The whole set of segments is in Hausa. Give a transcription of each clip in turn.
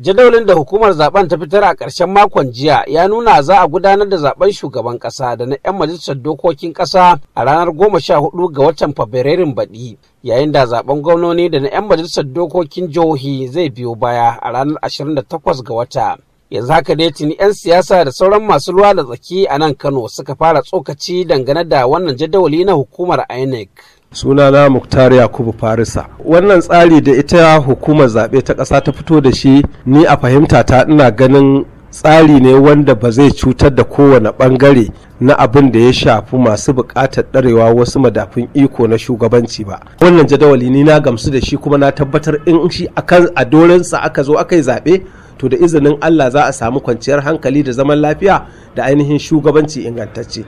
Jadawalin da hukumar zaben ta fitar a ƙarshen makon jiya ya nuna za a gudanar da zaben shugaban ƙasa da na 'yan majalisar dokokin ƙasa a ranar goma sha hudu ga watan Fabrairun baɗi, yayin da zaben gwamnoni da na 'yan majalisar dokokin jihohi zai biyo baya a ranar 28 ga wata. Yanzu haka dai tuni 'yan siyasa da sauran masu ruwa da tsaki a nan Kano suka fara tsokaci dangane da wannan jadawali na hukumar INEC. sunana muktar yakubu farisa wannan tsari da ita hukumar zaɓe ta ƙasa ta fito da shi ni a fahimta ta ina ganin tsari ne wanda ba zai cutar da kowane ɓangare na abin da ya shafi masu buƙatar ɗarewa wasu madafin iko na shugabanci ba wannan jadawali ni na gamsu da shi kuma na tabbatar in shi a dorinsa aka zo aka yi zaɓe to da izinin Allah za a samu kwanciyar hankali da zaman lafiya da ainihin shugabanci ingantacce.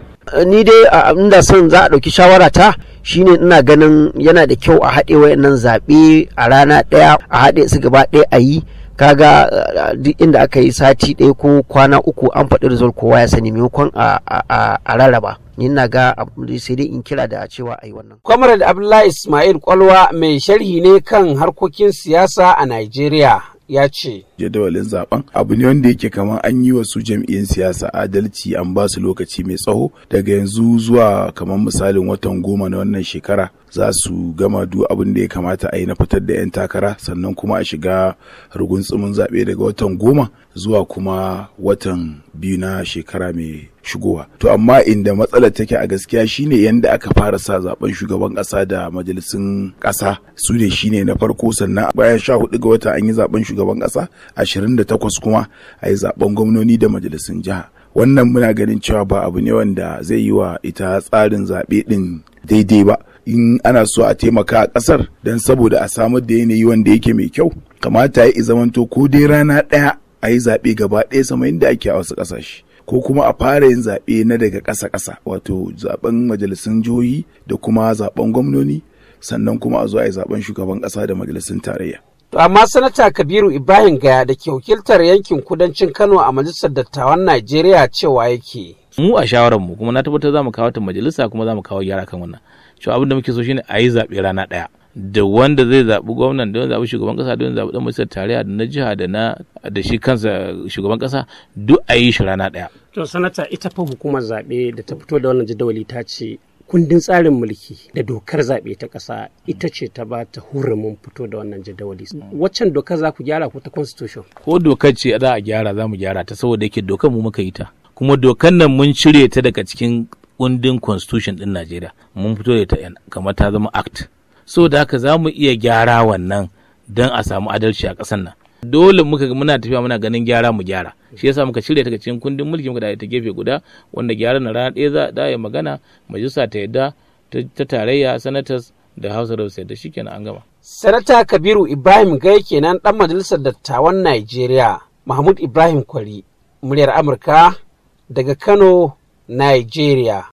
Ni dai inda son za a ɗauki shawara ta shine ina ganin yana da kyau a haɗe wayannan zaɓe a rana ɗaya a haɗe su gaba ɗaya a yi kaga duk inda aka yi sati ɗaya ko kwana uku an faɗi result kowa ya sani maimakon a rarraba. ina ga sai dai in kira da cewa a yi wannan. Comrade Abdullahi Ismail Kwalwa mai sharhi ne kan harkokin siyasa a Najeriya. ya ce jadawalin zaben abu ne wanda yake kamar an yi wasu jam'iyyun siyasa adalci an ba su lokaci mai tsawo daga yanzu zuwa kamar misalin watan goma na wannan shekara za su gama duk abin da ya kamata a yi na fitar da 'yan takara sannan kuma a shiga rugunsumin zaɓe daga watan goma zuwa kuma watan biyu na shekara mai shigowa to amma inda matsalar take a gaskiya shine yadda aka fara sa zaben shugaban kasa da majalisun ƙasa. su ne shine na farko sannan bayan sha hudu ga wata an yi zaben shugaban ƙasa ashirin da takwas kuma a yi zaben gwamnoni da majalisun jiha wannan muna ganin cewa ba abu ne wanda zai yi wa ita tsarin zaɓe ɗin daidai ba in ana so a taimaka a ƙasar don saboda a samar da yanayi wanda yake mai kyau kamata ya zamanto ko dai rana ɗaya a yi zaɓe gaba ɗaya sama inda ake a wasu ƙasashe ko kuma a fara yin zaɓe na daga ƙasa-ƙasa wato zaɓen majalisun jihohi da kuma zaɓen gwamnoni sannan kuma a zo a yi zaɓen shugaban ƙasa da majalisun tarayya. To amma sanata Kabiru Ibrahim Gaya da ke wakiltar yankin kudancin Kano a majalisar dattawan Najeriya cewa yake. mu a shawarar mu kuma na tabbatar za mu kawo ta majalisa kuma za mu kawo gyara kan wannan cewa abin da muke so shine a yi zaɓe rana ɗaya da wanda zai zaɓi gwamnan da wanda zaɓi shugaban ƙasa da wanda zaɓi ɗan majalisar tarayya da na jiha da na da shi kansa shugaban ƙasa duk a yi shi rana ɗaya. to sanata ita fa hukumar zaɓe da ta fito da wannan jadawali ta ce kundin tsarin mulki da dokar zaɓe ta ƙasa ita ce ta ba ta hurumin fito da wannan jadawali waccan dokar za ku gyara ko ta constitution ko dokar ce za a gyara za mu gyara ta saboda yake dokar mu muka yi ta kuma dokan nan mun cire ta daga cikin kundin constitution din Najeriya mun fito da ta kamar ta zama act so da haka za mu iya gyara wannan don a samu adalci a ƙasar nan dole muka muna tafiya muna ganin gyara mu gyara shi yasa muka cire ta cikin kundin mulki muka da ta gefe guda wanda gyaran na rana ɗaya za a yi magana majalisa ta yadda ta tarayya senators da House of Reps da shikenan an gama Sanata Kabiru Ibrahim Gaye kenan dan majalisar dattawan Najeriya Mahmud Ibrahim Kwari muryar Amurka daga Kano, Nigeria.